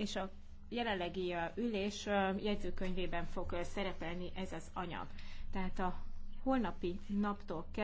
és a jelenlegi ülés jegyzőkönyvében fog szerepelni ez az anyag. Tehát a holnapi naptól